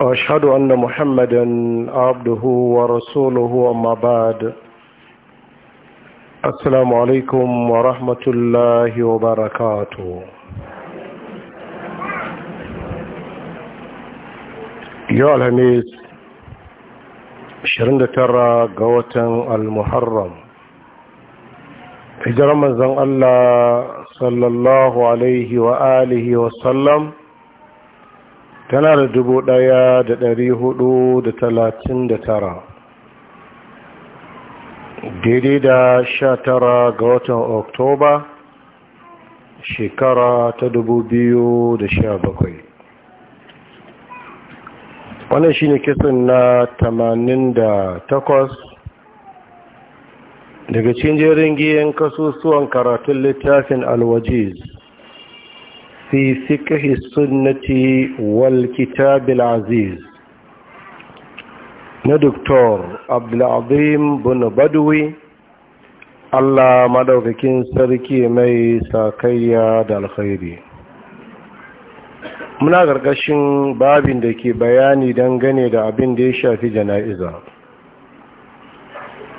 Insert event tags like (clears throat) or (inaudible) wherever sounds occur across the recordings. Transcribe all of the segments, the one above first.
واشهد ان محمدا عبده ورسوله أما بعد السلام عليكم ورحمه الله وبركاته يا الهميس شرند ترى قوة المحرم إذا رمزا الله صلى الله عليه وآله وسلم tana da dubu ɗaya da dari hudu da talatin da tara daidai da sha tara ga watan oktoba shekara ta dubu biyu da sha bakwai wannan shi ne kisan na tamanin da takwas daga cikin jerin giyan kasusuwan karatun littafin alwajiz في sunnati السنة والكتاب العزيز Na عبد Abdulazim بن بدوي Allah maɗaukakin sarki mai sakayya da alkhairi muna ƙarƙashin babin da ke bayani dangane da abin da ya shafi jana'iza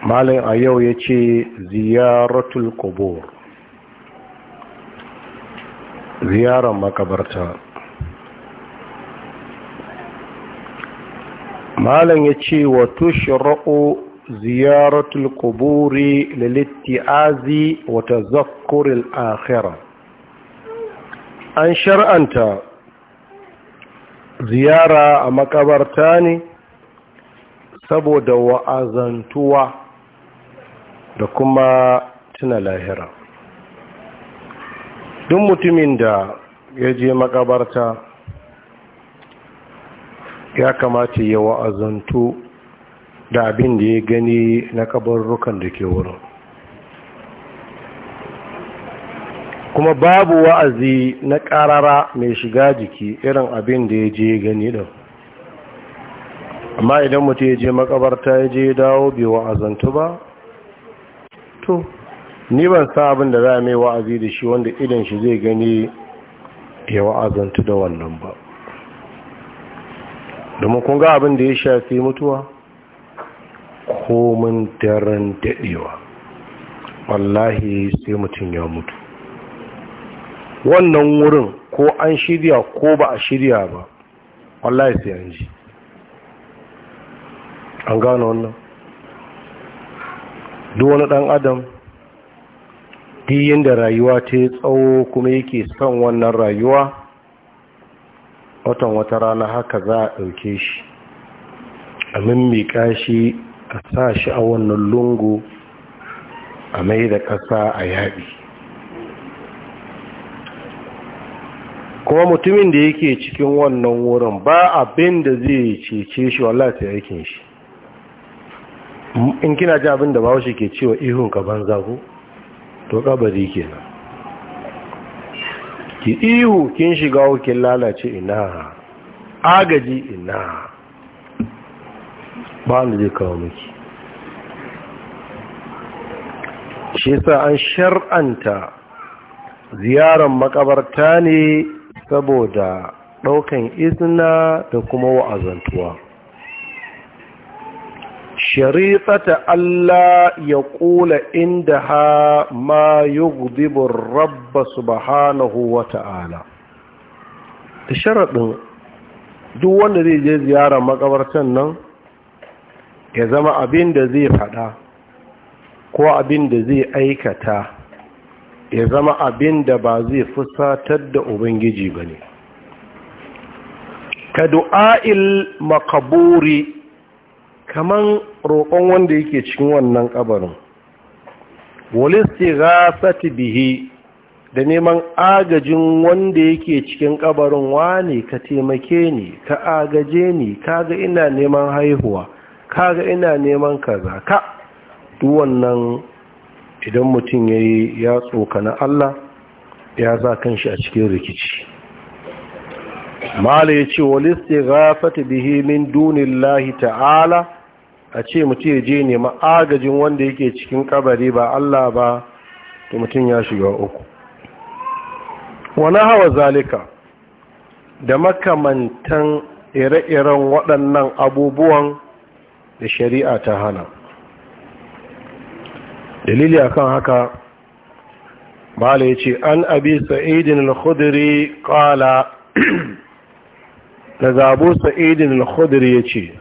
malin a yau ya ce ziyaratul qubur ziyarar makabarta malam ya ce wa ziyarar ziyaratul quburi azi wata zakkurin akhirah an shar'anta ziyara a makabarta ne saboda wa'azantuwa da kuma tuna lahira duk mutumin da ya je makabarta ya kamata ya wa'azantu da abin da ya gani na kabarrukan da ke wurin kuma babu wa'azi na ƙarara mai shiga jiki irin abin da ya je gani ɗin amma idan mutum ya je makabarta ya je dawo bai wa'azantu ba to ni ban sa abin da za a mai wa'azi da shi wanda idan shi zai gani ya wa'azantu da wannan ba domin kun ga abin da ya shafi mutuwa komin daren daɗewa wallahi sai mutum ya mutu wannan wurin ko an shirya ko ba a shirya ba wallahi sai an ji an gano wannan duk wani ɗan adam duk yadda rayuwa ta yi tsawo kuma yake son wannan rayuwa watan wata rana haka za a ɗauke shi a mimmika shi a sa shi a wannan lungu a mai da ƙasa a yaɗi kuma mutumin da yake cikin wannan wurin ba abin da zai cece shi wallata aikin shi in kina ji abin da ba shi ke cewa ihun ka banza ku. to kabari kenan ki ihu kin shiga hukin lalace ina agaji ina ba wanda zai kawo miki shi sa an shar'anta ziyarar makabarta ne saboda ɗaukan izina da kuma wa'azantuwa sharifata Allah ya ƙula inda ha ma yugdibin rabba subhanahu wa ta'ala da sharaɗin duk wanda zai je ziyarar makabartan nan ya zama abin da zai faɗa ko abin da zai aikata ya zama abin da ba zai fusatar da ubangiji ba ne ka du'a'il makaburi kaman roƙon wanda yake cikin wannan ƙabarin walisti gasati bihi da neman agajin wanda yake cikin ƙabarin wane ka taimake ni ka agaje ni kaga ina neman haihuwa kaga ina neman kaza ka wannan idan mutum ya yi ya tsokana Allah ya za shi a cikin rikici mala ya ce walisti gasati bihi min lahi ta'ala a ce mutum ya je nema agajin wanda yake cikin kabari ba Allah ba to mutum ya shiga uku wani hawa zalika da makamantan ire-iren waɗannan abubuwan da shari'a ta hana dalili akan haka bala ya ce an abi sa'idin al-khudri kala (clears throat) da sa'idin al-khudri ya ce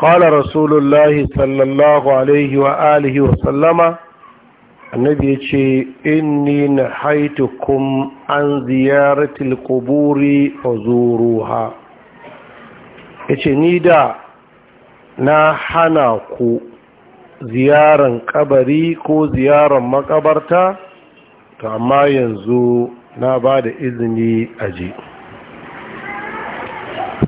قال رسول الله صلى الله عليه وآله وسلم النبي an إني نحيتكم عن زيارة القبور فزوروها yace ni da na hana ku ziyaran ƙabari ko ziyaran maƙabarta, to amma yanzu na ba da izini aje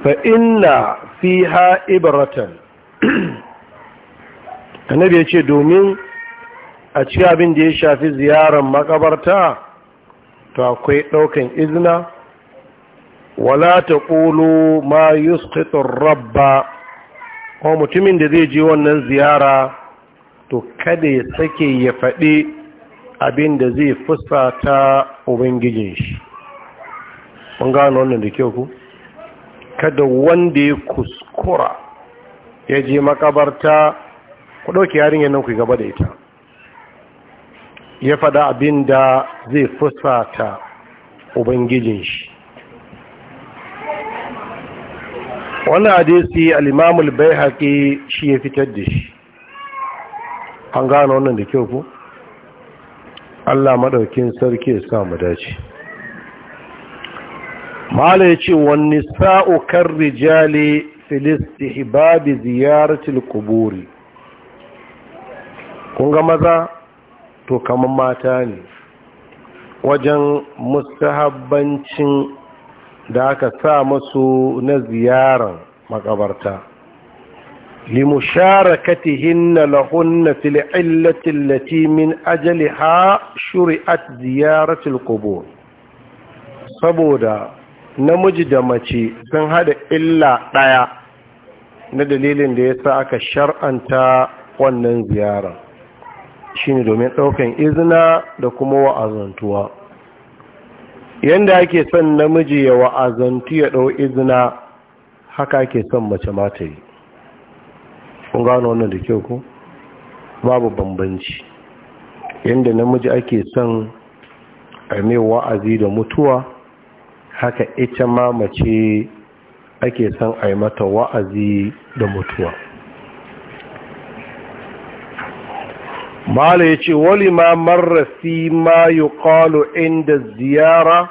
fa inna fiha ibratan (clears throat) annabi ya ce domin a ci abin da ya shafi ziyarar makabarta to akwai ɗaukan izina wala ta ƙolo ma yusqitun rabba ko mutumin da zai je wannan ziyara to kada ya sake ya faɗi abin da zai fusata ubangijin shi mun gano wannan da kyau ku kada wanda ya kuskura ya je makabarta ku ɗauki yarinyar nan ku gaba da ita ya faɗa abin da zai fusata ubangijin shi wannan hadisi al'imamul bai haƙi shi ya fitar da shi an gano wannan da kyau ku allah maɗaukin sarki ya sa mu dace mala ya ce wani sa'ukar rijali filistihbabi ziyaratul kuburi kunga maza to kaman mata ne wajen mustahabbancin da aka sa masu na ziyaran makabarta limusharakatihin na lahunna fil'illatin latimin ajali ha shuri'at ziyaratul kubur saboda namiji da mace sun haɗa illa ɗaya na dalilin da ya sa aka shar'anta wannan ziyara shine domin ɗaukan izina da kuma wa'azantuwa yanda ake son namiji ya wa'azantu ya ɗau izina haka ake son mace mata yi kun gano wannan da kyau ku babu bambanci yanda namiji ake son a mai wa'azi da mutuwa haka ita ma mace ake son a mata wa'azi da mutuwa mala ya ce wali ma marar fi ma yi kwalo inda ziyara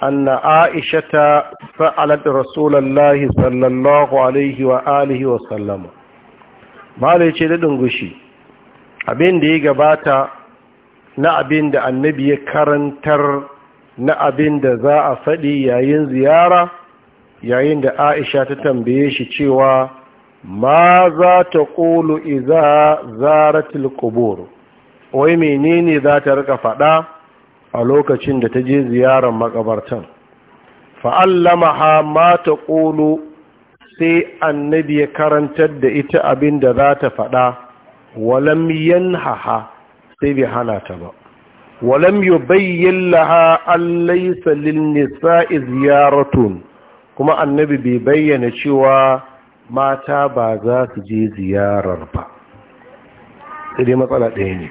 anna aisha ta sa'alat rasulallahi sallallahu alaihi wa alihi wa sallama mala ya ce daɗin gushi abin da ya gabata na abin da annabi ya karantar na abin da za a faɗi yayin ziyara yayin da aisha ta tambaye shi cewa ma za ta ƙulu iza zaratil ƙubur wai menene za ta rika faɗa a lokacin da ta je ziyarar makabartan fa'allama ha ma ta ƙulu sai annabi ya karantar da ita abin da za ta faɗa walam yanhaha sai bai hana ta ba walam yubayyin laha allaisa lil nisa'i ziyaratun kuma annabi bai bayyana cewa mata ba za su je ziyarar ba ɗaya matsala ɗaya ne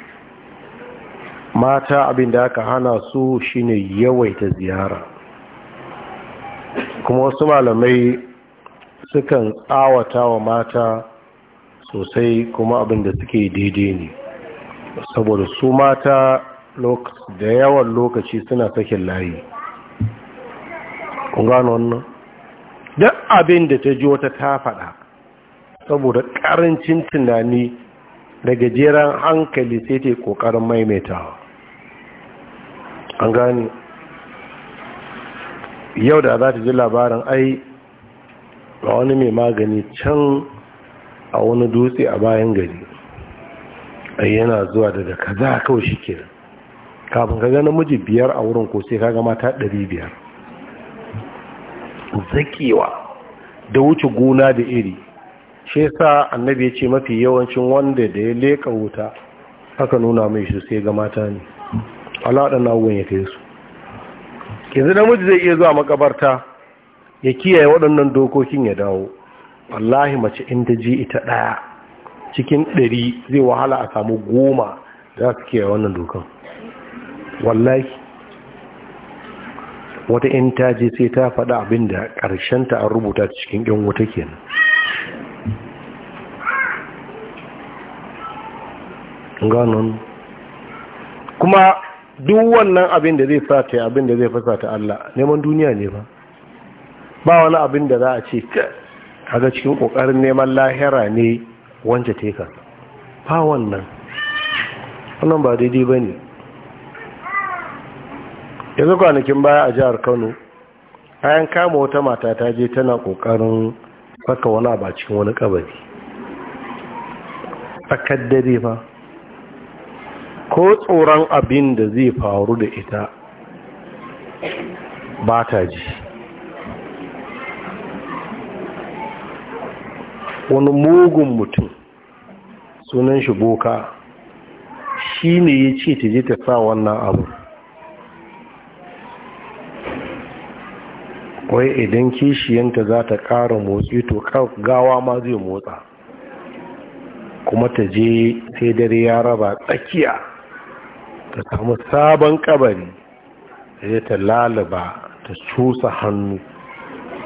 mata abin da aka hana su shine yawaita ziyara kuma wasu malamai sukan tsawata wa mata sosai kuma abin da suke daidai ne saboda su mata da yawan lokaci suna sakin layi kun gano wannan duk abin da ta ji wata ta faɗa saboda ƙarancin tunani da gajeren hankali sai ta yi ƙoƙarin maimaitawa an gani yau da za ta ji labarin ai a wani mai magani can a wani dutse a bayan gari ai yana zuwa daga kaza kawai shi kenan kafin ka ga namiji biyar a wurin ko sai ka gama ta ɗari biyar zakewa da wuce gona da iri shi sa annabi ya ce mafi yawancin wanda da ya leka wuta aka nuna mai shi sai ga mata ne alaɗan abubuwan ya kai su yanzu namiji zai iya zuwa makabarta ya kiyaye waɗannan dokokin ya dawo wallahi mace inda ji ita ɗaya cikin ɗari zai wahala a samu goma za su kiyaye wannan dokan wallahi wata in ta je sai ta faɗa abin da ta an rubuta cikin yan wuta kenan ganon kuma duk wannan abin da zai sa ta abin da zai fasa ta Allah neman duniya ne ba ba wani abin da za a ce kaga cikin ƙoƙarin neman lahira ne wancan teka ba wannan wannan ba daidai ba ne yanzu kwanakin baya a jihar kano bayan kama wata mata ta je tana kokarin saka wani a cikin wani kabari tsakar dare ba ko tsoron abin da zai faru da ita ba ta ji wani mugun mutum sunan shi boka shi ne ya ce ta je ta sa wannan abu wai idan kishiyanta za ta ƙara motsi to gawa ma zai motsa kuma ta je sai dare ya raba tsakiya ta samu sabon kabari zai ta lalaba ta cusa hannu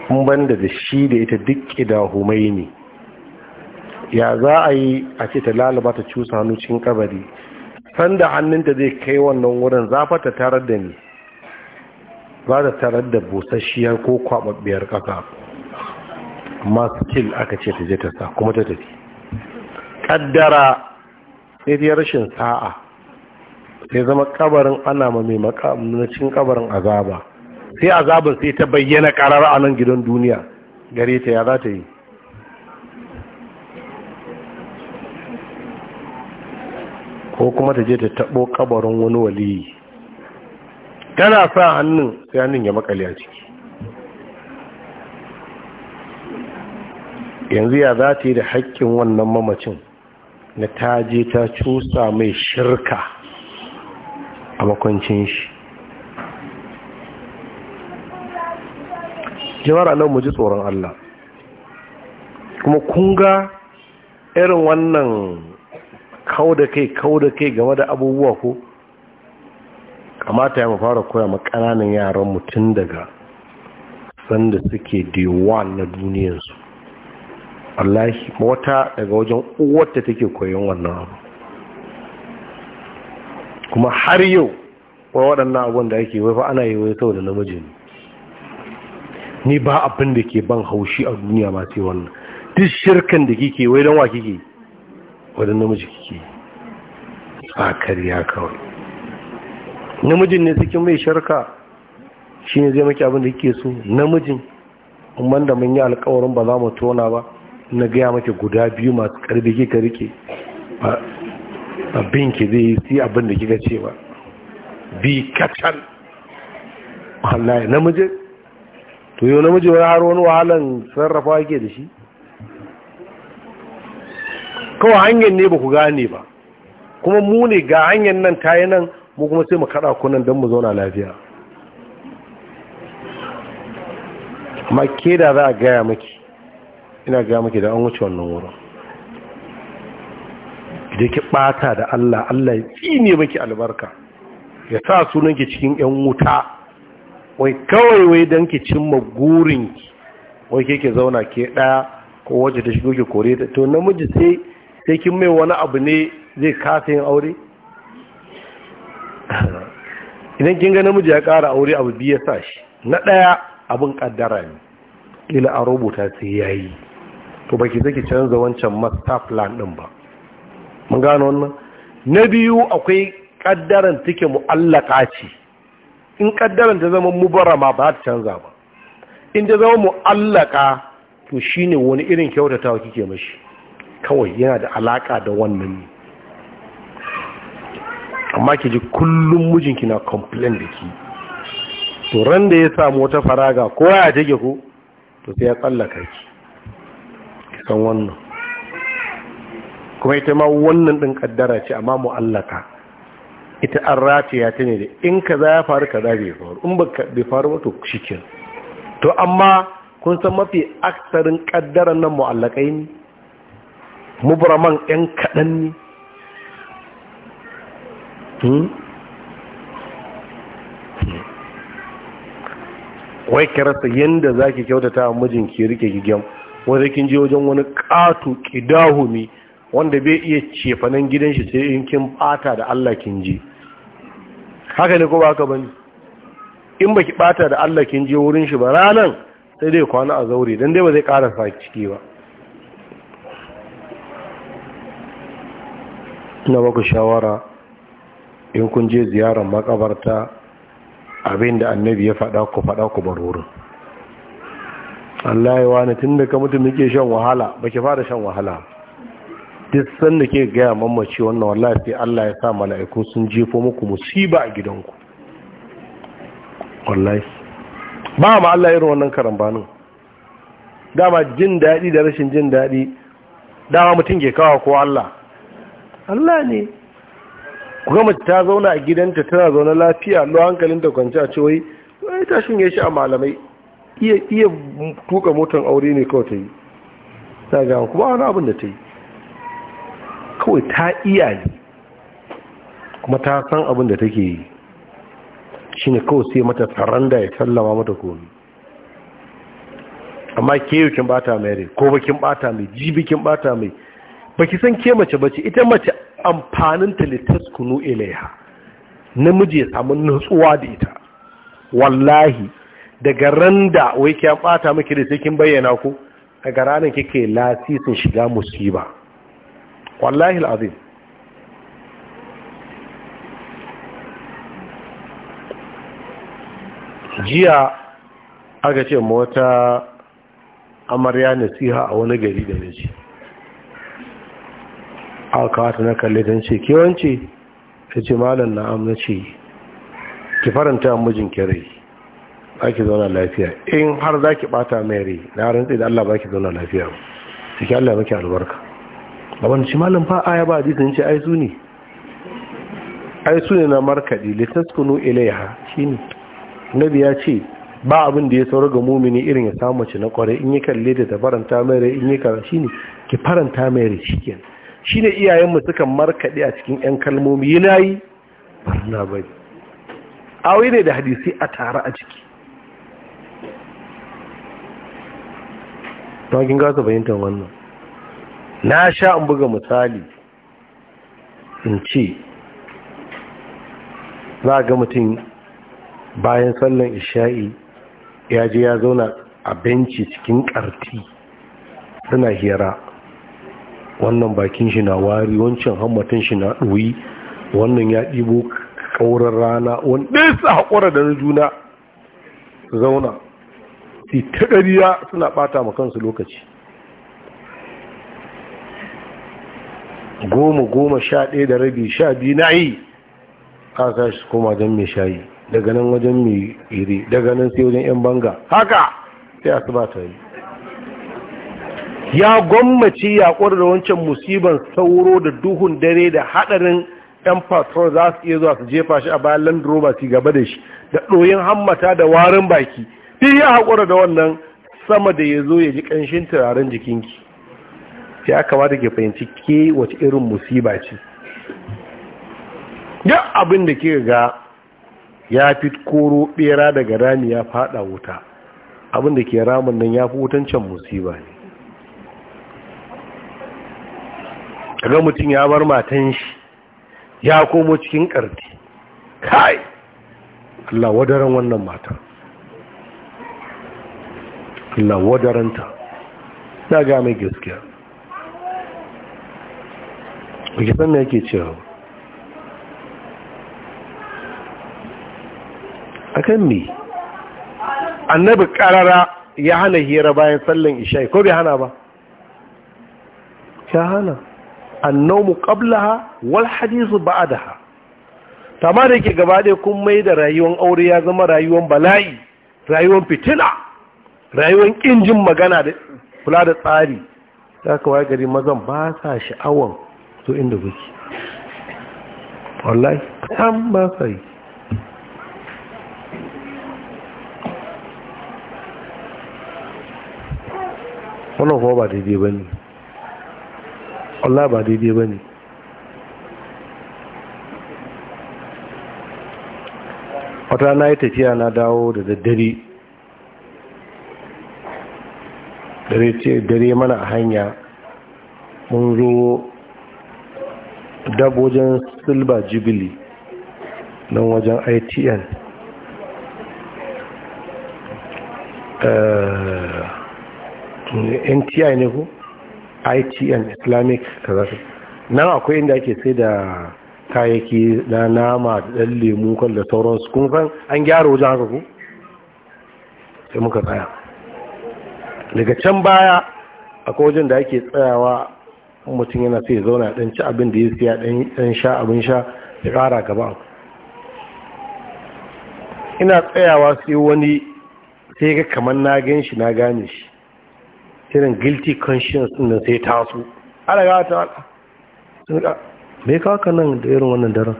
kun banda da shi da ita duk ƙidahumai ne ya za a yi a ce ta lalaba ta cusa hannu cikin kabari sanda hannunta zai kai wannan wurin zafata tarar da ni da tarar da busasshiyar ko kwababbiyar ƙasa masu kil aka ce ta je ta sa kuma ta tafi Kaddara, sai rashin sa'a sai zama kabarin ana ma mai makamacin kabarin azaba sai azabin sai ta bayyana karar a nan gidan duniya gare ta ya za ta yi ko kuma ta je ta tabo kabarin wani waliyi tana sa hannun sai hannun ya maƙale a ciki yanzu ya za ta yi da haƙƙin wannan mamacin na taje ta cusa mai shirka a makwancin shi jama'ar nan mu ji tsoron Allah kuma kunga irin wannan kau da kai kau da kai game da abubuwa ko kamata ya fara koya ma ƙananan yaran mutum daga sanda suke dewan na duniyarsu wallahi wata daga wajen uwarta take koyon wannan abu kuma har yau wai waɗannan abun da ake waifa ana yi wai saboda namiji ne ni ba abin da ke ban haushi a duniya ma sai wannan duk shirkan da kike wai don wa kike wadannan namiji kike ba kariya kawai namijin ne cikin mai sharka shi ne zai maki abin da yake so namijin umar da mun yi alkawarin ba za mu tona ba na gaya maki guda biyu masu karbi kika rike abin ki zai yi si abin da kika ce ba bi kacal wallahi namijin to yau namiji wani har wani wahalan sarrafa yake da shi kawai hanyar ne ba ku gane ba kuma mu ne ga hanyar nan ta yi nan mu kuma sai mu kada kunan don mu zauna lafiya amma ke da za a gaya maki ina gaya maki da an wuce wannan wurin idan ki bata da Allah Allah ya tsine maki albarka ya sa ki cikin yan wuta wai kawai wai don ki cimma gurinki wai ke ke zauna ke ɗaya ko waje ta shigo ki kore ta to namiji sai sai kin mai wani abu ne zai kasa yin aure (laughs) idan kin ga namiji ya ƙara aure abu biyu ya sa shi na ɗaya abin ƙaddara ne Ila a rubuta sai ya yi to baki zaki canza wancan master plan ɗin ba mun gano wannan na biyu akwai ƙaddaran take mu'allaka ce in ƙaddaran ta zama mubarama ba ta canza ba in ta zama mu'allaka to shine wani irin kyautatawa kike mashi kawai yana da alaka da wannan ne amma ki ji kullum mijinki na complain da ki to ran da ya samu wata faraga ko ya take ko to sai ya tsallaka ki san wannan kuma ita ma wannan din kaddara ce amma mu allaka ita an rataya ta ne da in kaza ya faru kaza bai faru in ba bai faru ba to shikin to amma kun san mafi aksarin kaddaran nan mu allakai ne mubraman yan kaɗan ne Hmm? wai ki yadda za ki kyautata a mijinki rike gigyam wanda kin je wajen wani katu ƙidahumi wanda bai iya cefanen gidan shi sai in kin bata da Allah kin je haka ne ko ba haka bane in baki bata da Allah kin je wurin shi ba ranan sai dai kwana a zaure don dai ba zai ƙara sa ciki ba ina baka shawara in kun je ziyarar makabarta abin da annabi ya faɗa ku faɗa ku bar wurin Allah ya wani tun da ka mutum muke shan wahala ba ki fara shan wahala duk sanda ke gaya mamaci wannan wallahi sai Allah ya sa mala'iku sun jefo muku musiba a gidanku wallahi ba ma Allah irin wannan karambanin dama jin daɗi da rashin jin daɗi dama mutum ke kawo ko Allah Allah ne ku gama ta zauna a gidanta tana zaune lafiya lo hankalin ta kwanci a cewai wai ta shinge shi a malamai iya iya tuka motar aure ne kawai ta yi ta ga kuma wani abin da ta yi kawai ta iya yi kuma ta san abin da take yi shi ne kawai sai mata da ya sallama mata komi amma ke kin bata mai rai ko bakin bata mai jibi kin bata mai baki san ke mace bace ita mace amfanin ta kunu ilaiha namiji ya samu nutsuwa da ita wallahi daga ran da wai ke bata miki da sai kin bayyana ku daga ranar kike lasisin shiga musiba wallahi alazim jiya aka ce mota amarya nasiha a wani gari da nace aka ta na kalle don ce kewance ta ce malam na amince ki faranta mijin kirai ba ki zauna lafiya in har za ki bata mai rai na rantsi da Allah ba ki zauna lafiya ba ki Allah maki albarka abin ci malam fa aya ba jisa ce ai su ne ai su ne na markadi kunu ilaiha ne nabi ya ce ba abin da ya saura ga mumini irin ya samu mace na kwarai in yi kalli da ta faranta mai rai in yi shi ne ki faranta mai rai kenan shi ne iyayenmu suka markaɗe a cikin 'yan kalmomi yana yi barna bai awai ne da hadisi a tare a ciki ɗaukin gasa fahimtar wannan na sha in buga misali in ce za a ga mutum bayan sallan isha'i ya je ya zauna a benci cikin ƙarti suna hira wannan bakin shi na wari wancan hammatin shi na ɗoyi wannan ya ɗibo ƙaurar rana wanda su haƙura da na juna zauna su ta ɗariya suna ɓata ma kansu lokaci goma goma sha ɗaya da rabi sha biyu na yi ƙasa shi kuma don mai shayi daga nan wajen mai iri daga nan sai wajen 'yan banga haka sai ba ta yi ya gwammaci ya da wancan musiban sauro da duhun dare da hadarin yan patrol za su iya zuwa su jefa shi a bayan land rover su gaba da shi da ɗoyin hammata da warin baki duk ya haƙura da wannan sama da ya zo ya ji ƙanshin turaren jikinki ya kamata ke fahimci ke wace irin musiba ce duk abin da ke ga ya fi koro ɓera daga rami ya faɗa wuta abin da ke ramin nan ya fi wutan can musiba ne kaga mutum ya bar matan shi ya komo cikin ƙarfi kai Allah wadaran wannan mata Allah wadaranta na ga mai gaskiya kuke san me yake cewa A kan me annabi karara ya hana hira bayan sallan isha'i ko bai hana ba ya hana annomu qablaha wal hadisu ta ma da ke gaba ɗaya kun mai da rayuwar aure ya zama rayuwar bala'i rayuwar fitina rayuwar ƙinjin magana da kula da tsari ta kawai gari mazan ba sa sha'awar to inda kuke wallahi kan ba sa yi wannan kuma ba daidai ba ne Allah ba daidai ba ne wata na yi tafiya na dawo da daddare dare mana a hanya mun zo dabojin silba jibili nan wajen itn eh, nti ne ku. itn islamic kazafi nan akwai inda ake sai da kayayyaki na nama da ɗan lemu kan da sauransu kun san an gyara wajen haka ku sai muka tsaya daga can baya akwai wajen da ake tsayawa mutum yana sai zauna ɗan ci abin da ya siya ɗan sha abin sha ya ƙara gaba ina tsayawa sai wani sai ga kamar na gan shi na gane shi irin guilty conscience din sai taso ala ya ta me ka haka nan da irin wannan daren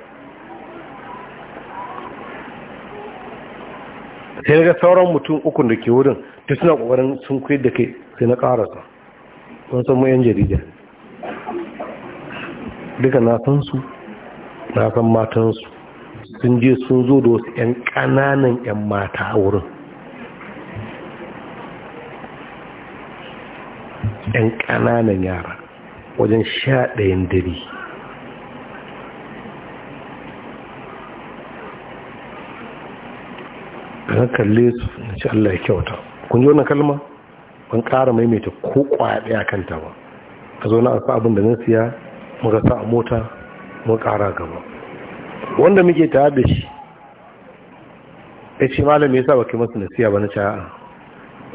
sai ga sauran mutum ukun da ke wurin ta suna kokarin sun kuyar da kai sai na karasa kun san mu yan jarida duka na san su na san matansu sun je sun zo da wasu yan ƙananan yan mata a wurin 'yan ƙananan yara wajen sha ɗayan dare na kalle su na ci Allah ya kyauta kun ji wannan kalma ban ƙara maimaita ko kwaɗe a kanta ba a zo na a abin da na siya muka sa a mota muka ƙara gaba wanda muke tare da shi ya ce malam ya sa baki masu nasiya ba na ci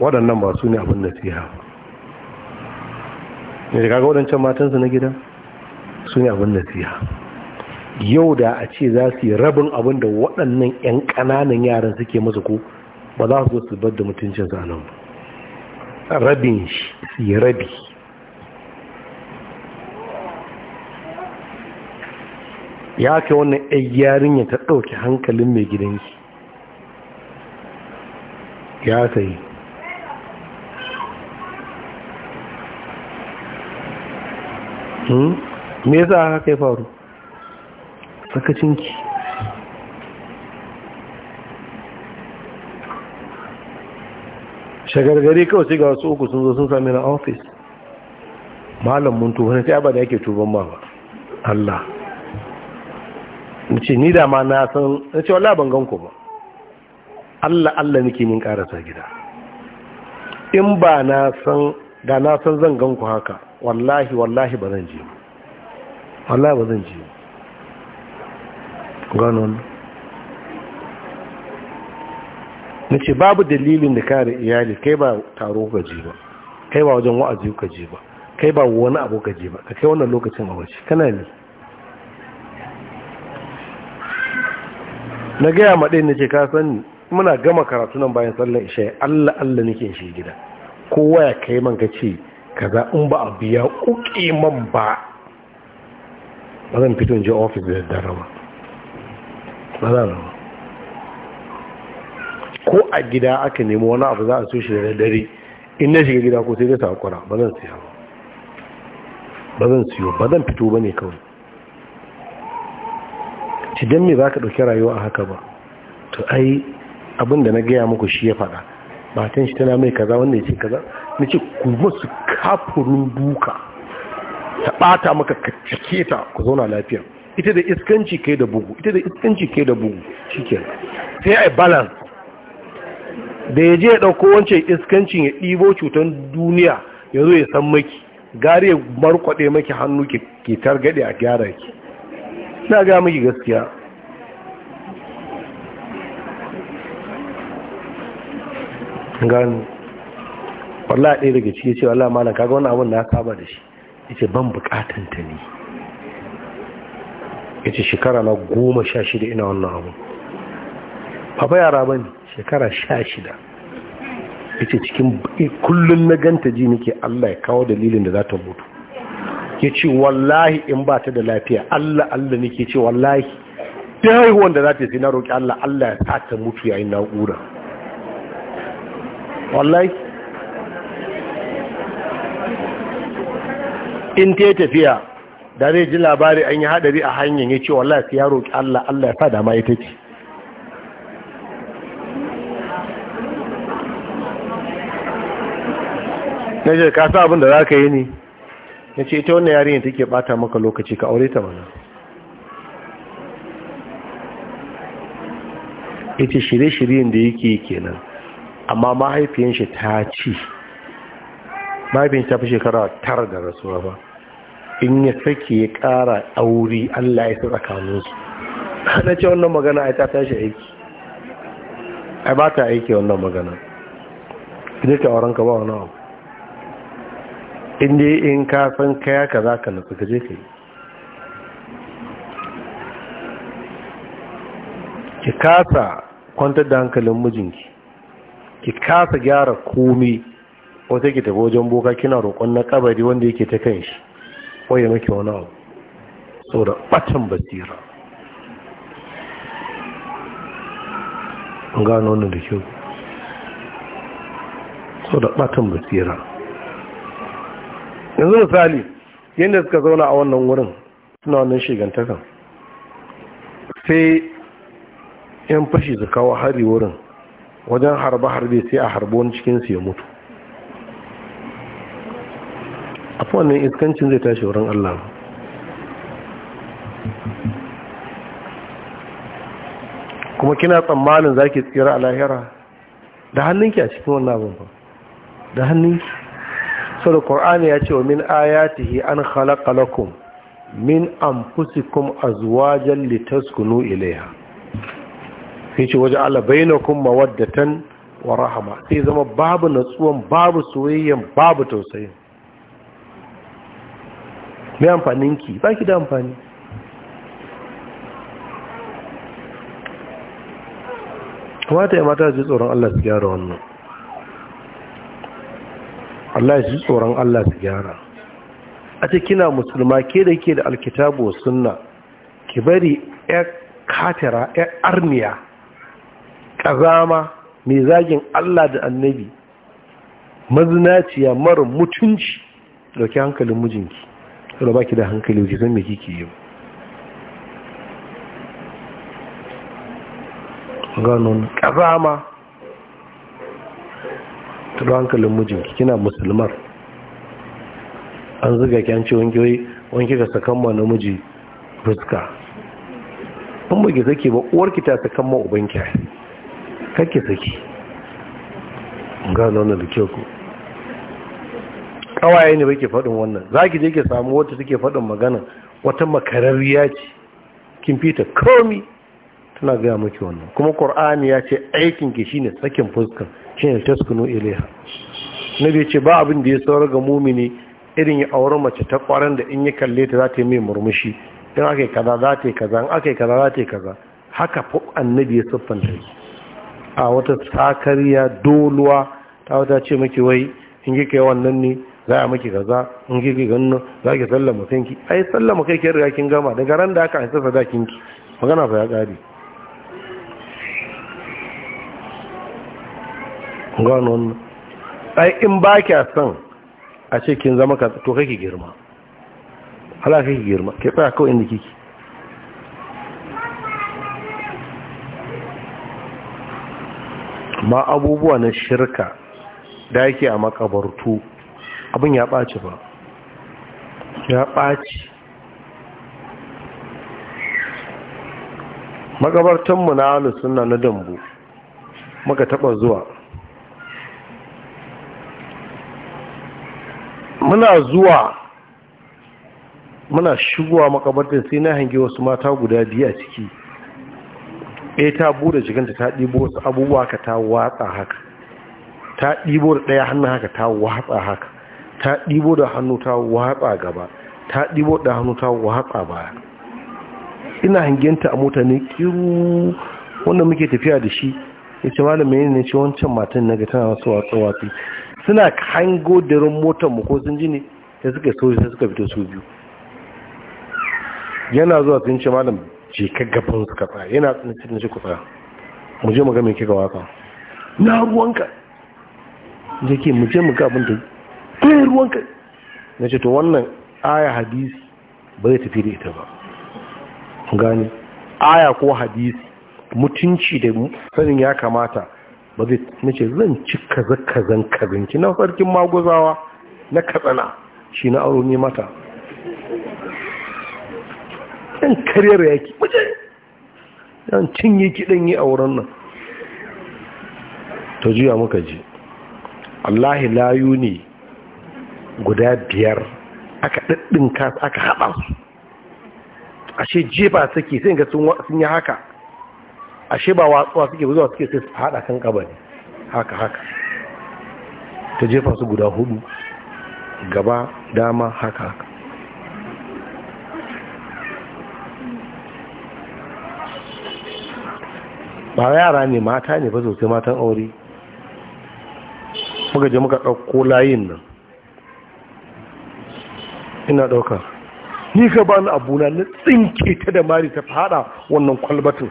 waɗannan ba su ne abin nasiha ne daga waɗancan matansa na gida sun yi abin da yau da a ce za su yi rabin abin da waɗannan 'yan ƙananan yaran suke masu ko ba za su su bar da mutuncinsu a ba rabin shi su yi rabi ya kai wannan yarin ya ta ɗauki hankalin mai gidanki ya sayi Hmm? me yasa haka ya faru sakacinki shagargari kawai sai ga wasu uku sun zo sun sami na ofis malam mun tuba na sai da yake tuban ma ba Allah ce ni da ma na san ce wala ban gan ku ba Allah Allah nake min karasa gida in ba na san da na san zan gan ku haka wallahi wallahi ba zan je wallahi ba zan je gano na ce babu dalilin da kare iyali kai ba taro ka je ba kai ba wajen wa'azi ka je ba kai ba wani abu ka je ba ka kai wannan lokacin a wace kana ne na gaya maɗe na ce ka sani muna gama karatu nan bayan sallar isha Allah Allah nake shi gida kowa ya kai man ka ce kaza in ba a biya uke man ba ba zan fito in je ofis da daddare ba ba zan ko a gida aka nemi wani abu za a so shi da dare in na shiga gida ko sai zai takura ba zan siya ba ba zan siyo ba zan fito ba ne kawai don me za ka ɗauki rayuwa a haka ba to ai abinda na gaya muku shi ya faɗa matan shi tana mai kaza wanda ya ce kaza na ce ku masu kafurin duka ta bata maka ka ta ku zauna lafiya ita da iskanci kai da bugu ita da iskanci kai da bugu shikenan sai ai balance da ya je ya dauko wancan iskancin ya ɗibo cutan duniya ya zo ya san maki gari ya markwade maki hannu ke targade a gyara ki na ga maki gaskiya gani wallahi ɗaya daga ciki ce wallahi malam kaga wannan abin na kaba da shi yace ban bukatan ta ne yace shekara na goma sha shida ina wannan abu baba yara bane shekara sha shida yace cikin kullum na ganta ji nake Allah ya kawo dalilin da za ta mutu yace wallahi in ba ta da lafiya Allah Allah nake ce wallahi ta haihuwan da za ta yi na roƙi Allah Allah ya sa ta mutu yayin na'ura wallahi in ta tafiya da zai ji labari an yi hadari a hanyar ya ce wallah sai ya roƙi Allah Allah ya fada ma ita ce na ce ka sa abin da za ka yi ne ya ce ita wannan yarinya take bata maka lokaci ka aure ta mana ita shirye-shiryen da yake kenan amma mahaifiyan shi ta ci mahaifin ta fi shekara tara da rasuwa ba in ya sake ya kara aure Allah ya tsakanin su (laughs) na ce wannan magana ai ta tashi aiki ai ba ta aiki wannan magana ina ta auren ka ba wani abu in in ka san kaya ka za ka nutsu ka je ka yi ki kasa kwantar da hankalin mijinki ki kasa gyara komai ko sai ki tafi wajen boka kina roƙon na kabari wanda yake ta kan shi ko ya maki wani abu saboda ɓatan basira an gano wannan da kyau saboda ɓatan basira yanzu misali yadda suka zauna a wannan wurin suna wannan shigantakan sai yan fashi su kawo hari wurin wajen harbe-harbe sai a harbe wani cikinsu ya mutu afi wannan iskancin zai tashi wurin Allah kuma kina tsammanin za ki tsira a lahira da hannunki a cikin wannan abin ba da hannunki sau da ƙor'ani ya ce wa min ayatihi an halakalakun min zuwa azwajan litaskunu ilaiha sai ce waje ala kun mawaddatan wa rahama sai zama babu natsuwan babu soyayyen babu tausayin mai ki ba ki da amfani kamata ya mata ji tsoron Allah su gyara wannan Allah ji tsoron Allah su gyara a ce kina musulma ke da ke da alkitabu suna ki bari ya katira ya arniya ƙazama mai zagin Allah da annabi mazinaciya mara mutunci dauki hankalin mijinki ba baki da hankali ki san me kike yi ganon kazama da hankalin mijinki kina musulmar an zuga ki an ce wanke wanke ka sakan ma namiji fuska an ba zake ba uwarki ta sakan ma ubanki kake sake gano na da kyau ku. kawaye ne bake faɗin wannan za ki je ki samu wata take faɗin magana wata makararriya ce kin fita komi tana gaya miki wannan kuma qur'ani ya ce aikin ki shine sakin fuska shine taskunu ilaiha nabi ce ba abin da ya saura ga mumini irin ya aure mace ta kwaran da in ya kalle ta za ta yi mai murmushi in aka yi kaza za ta yi kaza in aka yi kaza za ta yi kaza haka fa annabi ya siffanta a wata sakariya doluwa ta wata ce miki wai in kika yi wannan ne za a miki kaza in gigi ganno za ki sallama kanki ai sallama kai kin riga kin gama daga ran da aka aisa sadakin ki magana fa ya kare gano wannan ai in ba ki san a ce kin zama ka to kake girma hala kake girma ke tsaya kawai inda kiki. ma abubuwa na shirka da yake a makabartu abin ya ɓaci ba ya ɓaci magabartanmu na alu suna na dambu muka taɓa zuwa muna zuwa muna shigowa makabartar sai na hangi wasu mata guda biyu a ciki E ta bude jikinta ta ɗibo wasu abubuwa ka ta watsa haka ta ɗibo da ɗaya hannun haka ta watsa haka ta ɗibo da hannu ta watsa gaba ta ɗibo da hannu ta watsa baya ina hangenta a mota ne kiru wanda muke tafiya da shi ya ce malamin ne ce wancan matan na ga tana wasu watsa wafi? suna hango daren motar mu ko sun ji ne ta suka so ta suka fito su biyu yana zuwa sun ce malam je ka gaban suka tsaya yana tsinci ku tsaya mu je mu ga mai kika waka na ruwanka yake mu je mu ga abin da kai ruwanka na ce to wannan aya hadisi bai tafi da ita ba gani aya ko hadisi mutunci da sanin ya kamata ba zai na ce zan ci kaza-kazan ki na farkin maguzawa na katsana shi na auro ne mata ɗan karyar ki mace ɗan cinye kiɗan yi a wurin nan ta juya muka ji allahi layu ne guda biyar aka ɗaɗɗinka aka haɗa su ashe jefa suke sai ga sun yi haka ashe ba watsuwa suke zuwa suke sai su haɗa kan ƙaba ne, haka haka ta jefa su guda hudu gaba dama haka haka ba yara ne mata ne ba sosai matan aure muka je muka ɗauko layin nan ina ɗauka ni ka bani abuna na tsinke ta da mari ta fada wannan kwalbatin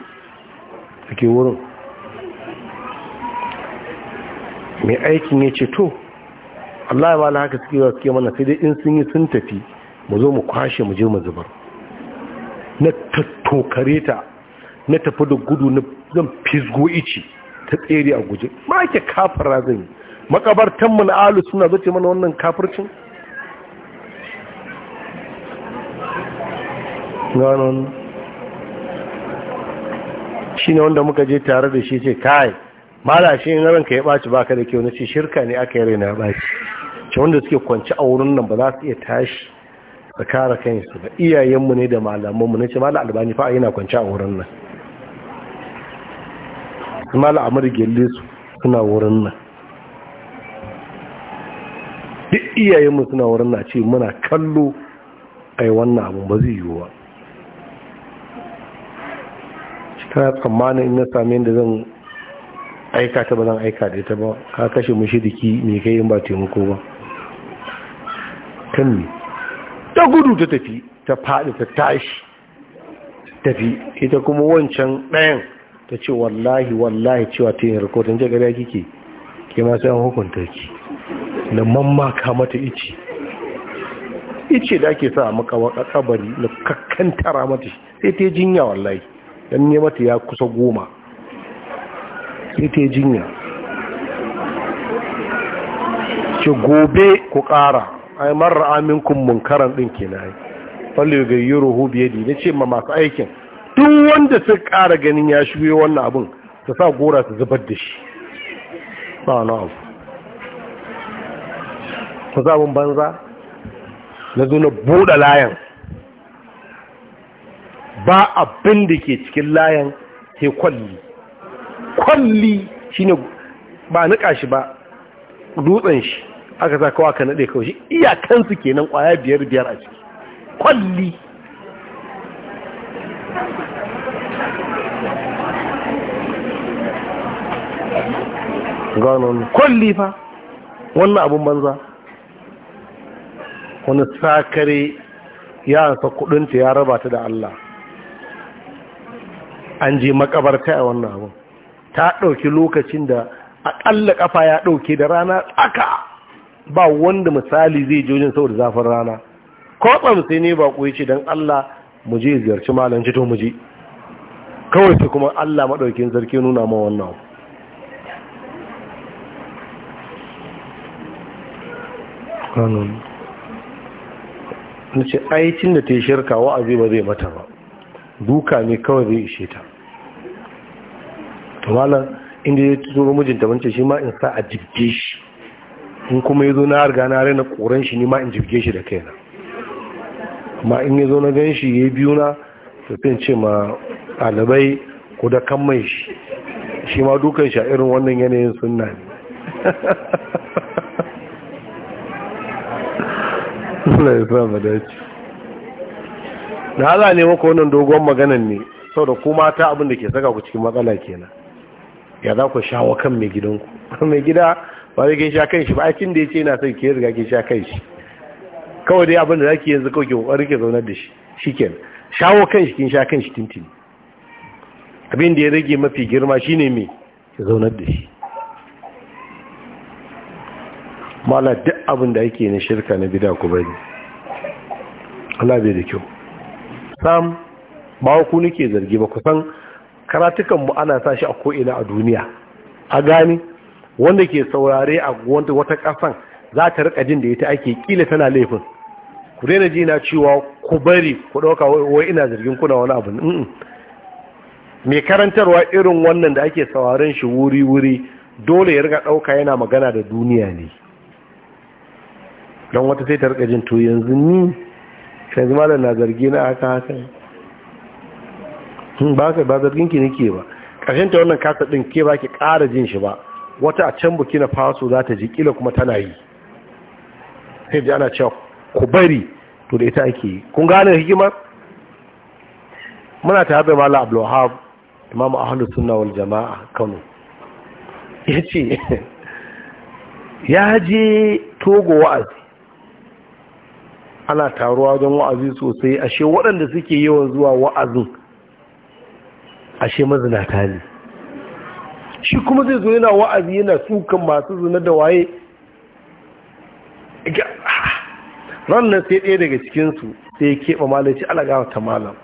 a ke wurin mai aikin ya ce to Allah ya la haka suke yawa suke mana sai dai in sun yi sun tafi mu zo mu kwashe mu je mu zubar na tattokare ta na tafi da gudu na zan fisgo ici ta tsere a guje ma ke kafara zan yi makabartanmu na alu suna zace mana wannan kafircin ganon shi ne wanda muka je tare da shi ce kai mala shi yin ranka ya ɓaci baka da kyau na ce shirka ne aka yi raina ya ɓaci ce wanda suke kwanci a wurin nan ba za su iya tashi da kare kansu ba iyayenmu ne da malamanmu na ce mala albani fa yana kwanci a wurin nan mala amur gelle su suna wurin nan duk iyayenmu suna wurin na ce muna kallo ai wannan abu ba zai yiwu ba tana tsammanin in na sami yadda zan aika ta ba zan aika da ita ba ka kashe mushiriki mai kai in ba taimako ba kan ne ta gudu ta tafi ta faɗi ta tashi tafi ita kuma wancan ɗayan ta ce wallahi wallahi cewa ta yi rikotan jagara kike ke masu yan hukunta ki na mamaka mata ici ice da ake sa a makabari na kakkantara mata sai ta jinya wallahi Yan don ta ya kusa goma sai ta jinya ce gobe ku ƙara ai marar aminkun munkaran ɗin ke na yi falle ga yi ruhu biye di na ce ma masu aikin duk wanda su ƙara ganin ya shigo wannan abin ta sa gora ta zubar da shi ba na abu ku zaɓin banza na zo na buɗe layan ba abin da ke cikin layan ke kwalli kwalli shine ba nika shi ba dutsen shi aka sa kawa ka nade kawai iyakansu kenan kwaya biyar biyar a ciki kwalli ganon kwalli fa wannan abin banza wani sakare yaransa kudinta ya rabata da Allah an je makabarta a wannan abin ta ɗauki lokacin da aƙalla ƙafa ya ɗauke da rana tsaka ba wanda misali zai je wajen saboda zafin rana ko sai ne ba ku ce don Allah mu je ziyarci malam to mu je kawai sai kuma Allah maɗaukin sarki nuna ma wannan kanun na ce cin da ta yi shirka wa'azi ba zai mata ba duka ne kawai zai ishe ta to ma nan inda ya ci zuwa mijinta wance shi ma in sa a jibge shi in kuma ya zo na harga na raina koran shi ne ma in jibge shi da kaina amma in ya zo na gan shi ya biyu na sai ce ma ɗalibai ko da kan mai shi shi ma dukan shi a irin wannan yanayin sunna ne Allah ya sa madaci na haza ne maka wannan dogon maganan ne sau da kuma ta abin da ke saka ku cikin matsala kenan ya za ku shawo kan mai gidanku (laughs) mai gida ba zai kin sha kan shi ba a cin da ya ce yana son ke riga kin sha kan shi kawai dai abin da za ki yanzu kawai ki kokarin ki zaunar da shi shikenan shawo kan shi kin sha kan shi tintin abin da ya rage mafi girma shine me ki zaunar da shi mala duk abin da yake na shirka na gida ku bari Allah bai da kyau sam ba ku nake zargi ba kusan karatukanmu ana sa shi a ko'ina a duniya a gani wanda ke saurare a wata ƙasan za ta rika jin da ita ake kila tana laifin ku daina ji na cewa ku bari ku ɗauka wai ina zargin kuna wani abu mai karantarwa irin wannan da ake sauraren shi wuri-wuri dole ya rika ɗauka yana magana da duniya ne don wata sai ta rika jin to yanzu ni shanzu malar na zargi na aka haka Hmm, ba ka ba zargin ki nake ba ƙarshen ta wannan kasa ɗin ke ba ki ƙara jin shi ba wata a can bukina faso za ta ji kila kuma tana yi sai da ana cewa ku bari to da ita ake yi kun gane hikimar muna tare da Malam abdulwahab imamu ahlu sunna wal jama'a kano ya ce (laughs) ya je togo wa'azi ana taruwa don wa'azi sosai ashe waɗanda suke yawan zuwa wa'azin ashe mazinata ne shi kuma zai zo yana wa'azi yana sukan masu zina da waye rannan sai ɗaya daga cikinsu sai ya keɓe malaci alagawa ta malam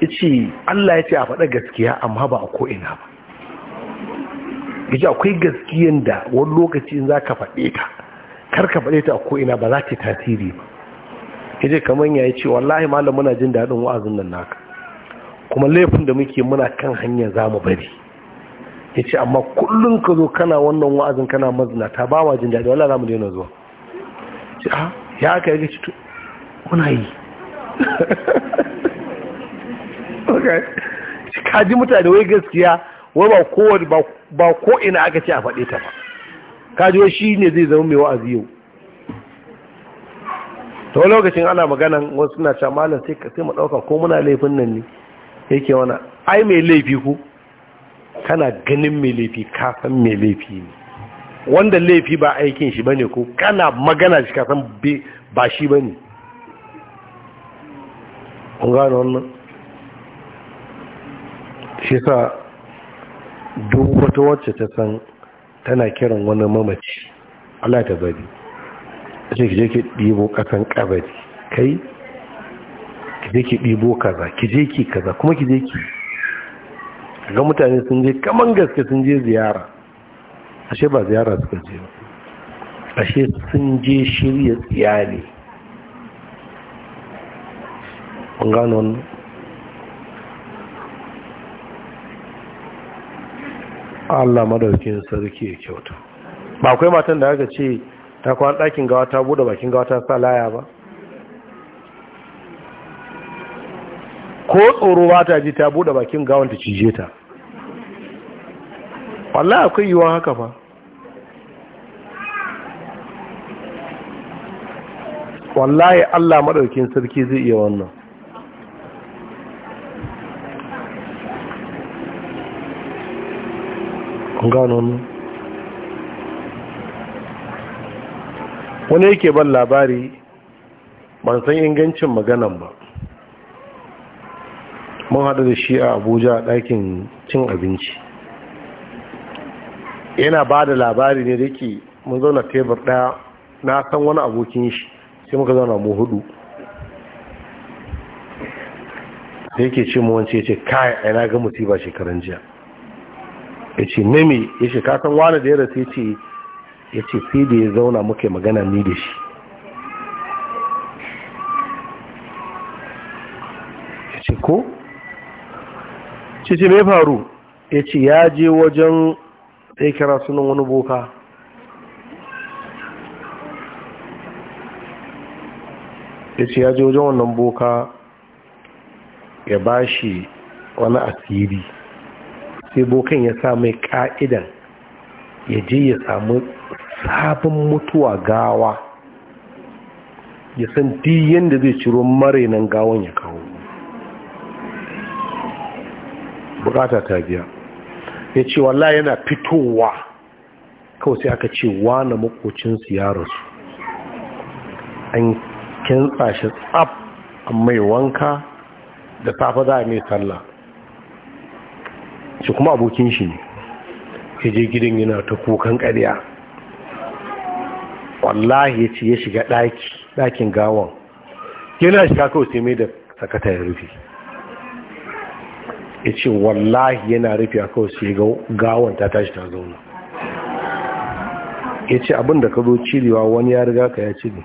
ce Allah ya ce a faɗa gaskiya amma ba a ko'ina ba gaji akwai gaskiyan da wani lokaci za ka faɗe ta kar ka faɗe ta a ko'ina ba za ta tasiri ba gaji kamar ya yi ce wallahi malam muna jin daɗin wa'azin nan naka kuma laifin da muke muna kan hanyar za mu bari ya ce amma kullum ka zo kana wannan wa'azin kana ta ba wa jin daɗi wala za mu daina zuwa ya ah, aka yaga cito muna yi (laughs) kaji mutane wai gaskiya wai ba ko ina aka ce a faɗe ta ba kaji wai shi ne zai zama mai wa'azi yau ta wani lokacin ana maganan wasu suna malam sai mu ɗauka ko muna laifin nan ne yake wani ai mai laifi ku kana ganin mai laifi kasan mai laifi ne wanda laifi ba aikin shi bane ko kana magana shi kasan ba shi bane kun gano wannan shi sa duk wata wacce ta san tana kiran wani mamaci ala ta bari sai ki je ɗibo ƙasan ƙabari kai ki je ki ɗibo kaza ki je ki kaza kuma ki je ki ga mutane sun je kaman gaske sun je ziyara ashe ba ziyara suka je ba ashe sun je shirya tsiyali an gano wannan Allah madaukin sarki ya kyauta ba akwai matan da aka ce ta kwan ɗakin gawa ta bude bakin gawa ta sa laya ba ko tsoro ba ta ji ta buɗe bakin gawan ta cije ta wallahi akwai yiwuwa haka fa wallahi Allah madaukin sarki zai iya wannan wani yake ban labari ban san ingancin maganan ba mun haɗu da shi a abuja ɗakin cin abinci yana ba da labari ne da ke mun zauna tebur ɗaya na san wani abokin shi sai muka zauna mu hudu da yake ce mu wance ce kai a yana ga musiba shekaran jiya ya ce nemi ya ce wani da ya rasu ya ce ya ce sai da ya zauna muke magana ni da shi ce ce mai faru ya ce ya je wajen sai kira sunan wani boka ya ce ya je wajen wannan boka ya ba shi wani asiri sai bokan ya sa mai ka'idan ya je ya samu sabon mutuwa gawa ya san diyan da zai ciro mare nan gawan ya kawo bukata ta biya ya ce wallahi yana fitowa kawai sai aka ce wane makocinsu ya rasu an kinsa shi tsab an mai wanka da safe za a mai sallah shi kuma abokin shi ne ya je gidan yana ta kukan karya. wallahi ya ce ya shiga ɗaki ɗakin gawon yana shiga kawai sai mai da sakata ya rufe ya ce wallahi yana rufe a kawai sai gawon ta tashi ta zauna ya ce abinda ka zo cirewa wani ya riga ka ya cire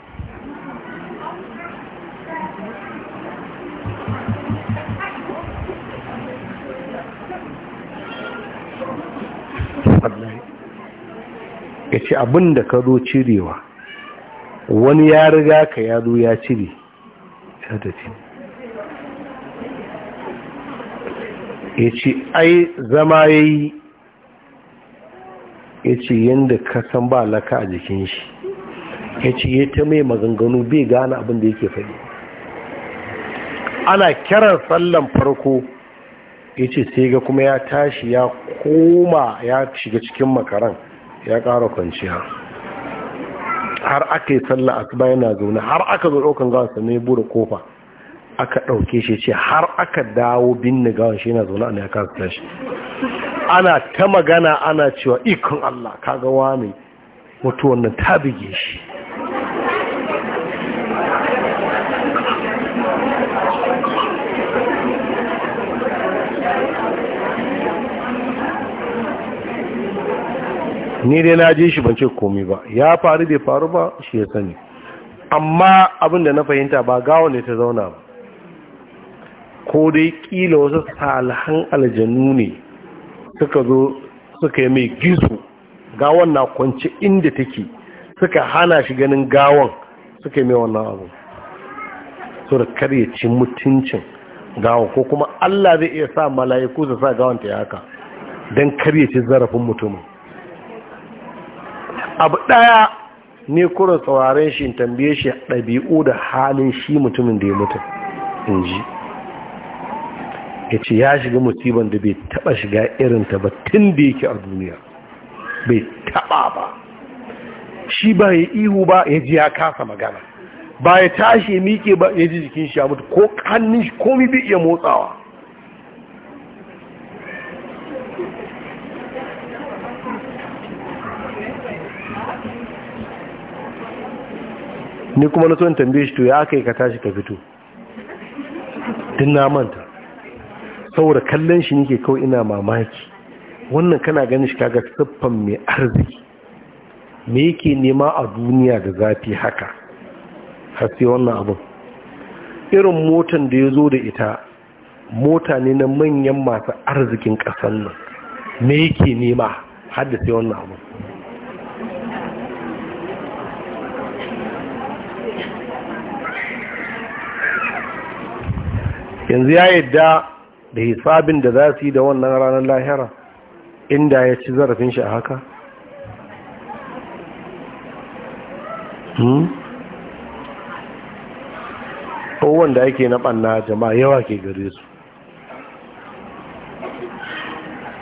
ya ce abinda ka zo cirewa wani ya riga ka ya zo ya cire ya tafi ya ce ai zama ya yi ya ce yadda kasan ba laka a jikin shi ya ce ya ta mai maganganu bai gane abin da yake faɗi ana kiran sallan farko ya ce sai ga kuma ya tashi ya koma ya shiga cikin makaran ya ƙara kwanciya har aka yi sallah asuba yana zaune har aka zo ɗaukan gawa sannan ya bude kofa aka ɗauke shi ce har aka dawo binne gawan shi yana zaune ana ya kasa tashi ana ta magana ana cewa ikon Allah kaga wani mutu wannan ta bige shi ni dai na je shi ban ce komai ba ya faru bai faru ba shi ya sani amma abinda na fahimta ba gawon ne ta zauna ba ko dai kila wasu salihan aljanu ne suka zo suka yi mai gizo gawan na kwanci inda take suka hana shi ganin gawan suka yi mai wannan abu so da karyacin mutuncin gawon ko kuma allah zai iya sa mala'iku su sa gawan ta haka don karyacin zarafin mutumin abu daya ne kurin sauraren shi tambaye shi ɗabi'u da halin shi mutumin da ya mutu in ji ya ce ya shiga musiban da bai taba shiga irinta ba tun da yake a duniya bai taba ba shi ba ya ihu ba ya ji ya kasa magana ba ya tashi ya miƙe ba ya ji jikin shi ya mutu ko hannun shi komi bai iya motsawa ni kuma na son tambaye shi to ya kai ka tashi ka fito din na manta saboda kallon shi nike kawai ina mamaki wannan kana ganin shi kaga siffan mai arziki me yake nema a duniya da zafi haka har sai wannan abin irin motan da ya zo da ita mota ne na manyan masu arzikin ƙasar nan me yake nema har da sai wannan abin yanzu ya yadda da hisabin da za su yi da wannan ranar lahira inda ya ci zarafin shi a haka kowon hmm? da ake na ɓanna jama'a yawa ke gare su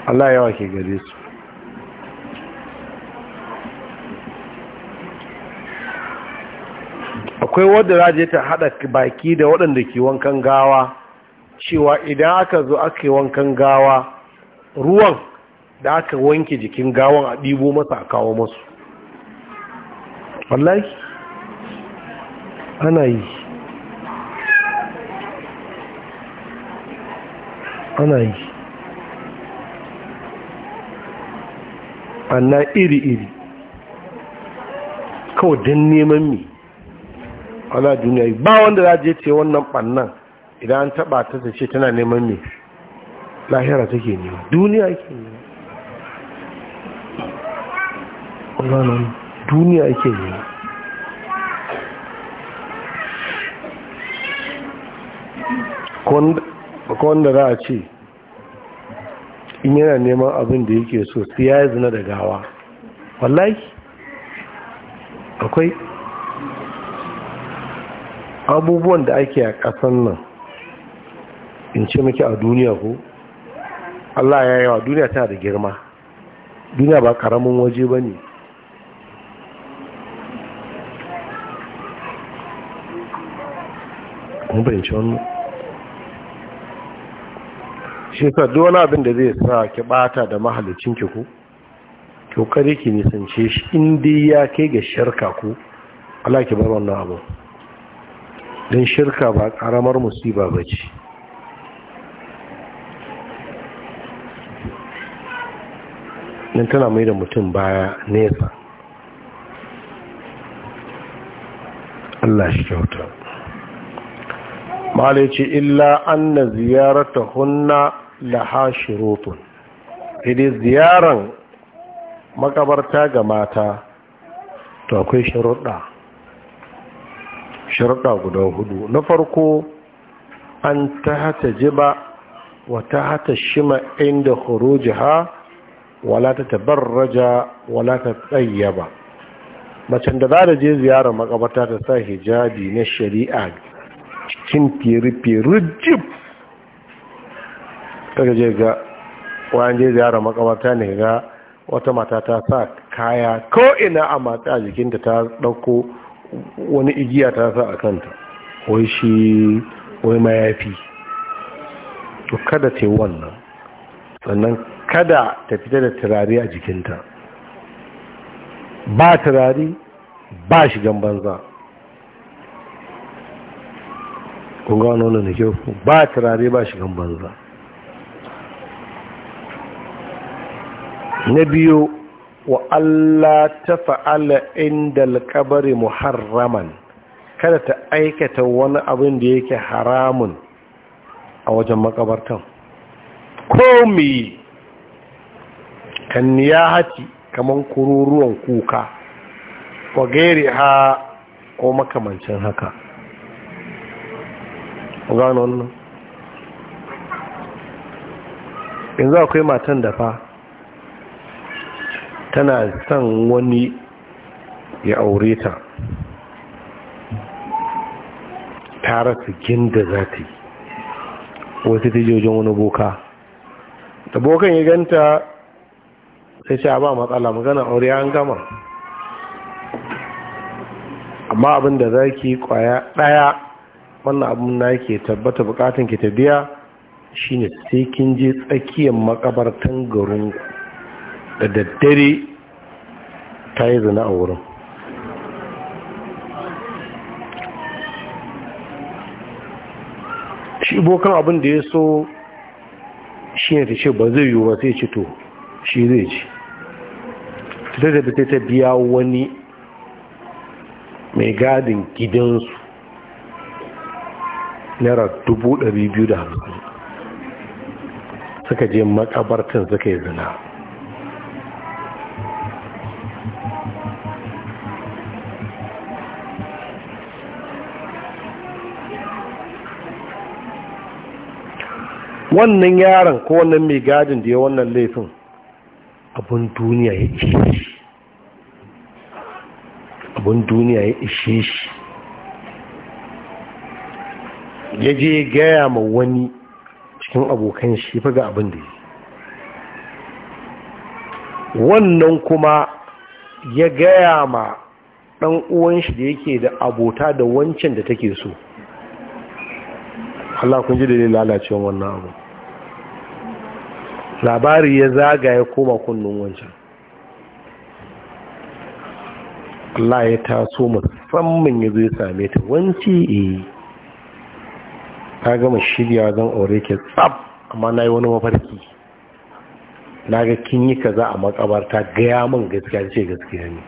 Allah yawa ke gare su akwai wadda za ta haɗa baki da waɗanda ke wankan gawa cewa idan aka zo aka yi wankan gawa ruwan da aka wanke jikin gawan a ɗibo masa a kawo masu wallahi ana yi ana yi ana iri-iri kawai don neman mi ana duniya ba wanda za je ce wannan ɓannan idan an taba ta ce tana neman me lahira take nema duniya ake nema duniya ake nema wanda za a ce in yana neman abin da yake so sai ya zina da gawa wallahi akwai abubuwan da ake a kasan nan in ce miki a duniya ko Allah ya yawa duniya ta da girma duniya ba karamin waje ba ne shekar wannan shi wani abin da zai sa ki bata da mahalicinki ko kyokari ki nisance shi inda ya kai ga shirka ko Allah ki bar wannan abu don shirka ba karamar musiba ba ce nan tana mai da mutum baya nesa Allah shi kyauta malai ce illa an na ziyarata hunna laha shirutun idan ziyaran makabarta ga mata to akwai sharuɗa sharuɗa guda hudu na farko an ta hata jiba wa ta hata shima inda horo jiha wala ta tabarraja wala ta tsayyaba macen da za da je ziyarar makabata ta sa hijabi na shari'a cikin firifiri jib daga je ga wayan je ziyarar makabata ne ga wata mata ta sa kaya ko'ina a matsa a jikinta ta ɗauko wani igiya ta sa a kanta wai shi wai mayafi to kada ce wannan sannan kada ta fita da turare a jikinta ba turare ba shigan banza ƙunga wani wani da kyau ba turare ba shigan banza na biyu wa Allah ta fa'ala inda alkabari muharraman kada ta aikata wani abin da yake haramun a wajen makabartan ko mi Kanniya hati kaman kururuwan kuka wa gairi ha ko makamancin haka gano wannan yanzu akwai matan da fa tana son wani ya aure ta ta rasa ginda za ta yi wasu tijojin wani boka da bokan ya ganta sai sai ba matsala magana aure an gama amma abin da za kwaya daya wannan abin na ke tabbata bukatun ki ta biya shine sai kin je tsakiyar makabartan garin da daddare ta yi zina a wurin shi bokan abin da ya so shi ne ta ce ba zai yiwu ba sai ci to shi zai ci. ta da sai ta biya wani mai gadin gidansu naira dubu ɗari biyu da suka je makabartin suka yi zina wannan yaron ko wannan mai gadin da ya wannan laifin abin duniya ya ce abin duniya ya ishe shi ya je gaya ma wani cikin abokan shi fi ga abin da yi wannan kuma ya gaya ma ɗan uwan shi da yake da abota da wancan da take so Allah kun ji da lalacewa wannan abu labari ya zagaya koma kunnun wancan Allah ya taso musamman ya zai same ta wanci eh ta gama shirya zan aure ke tsab amma na yi wani mafarki na ga kin yi kaza a makabarta gaya min gaskiya ce gaskiya ne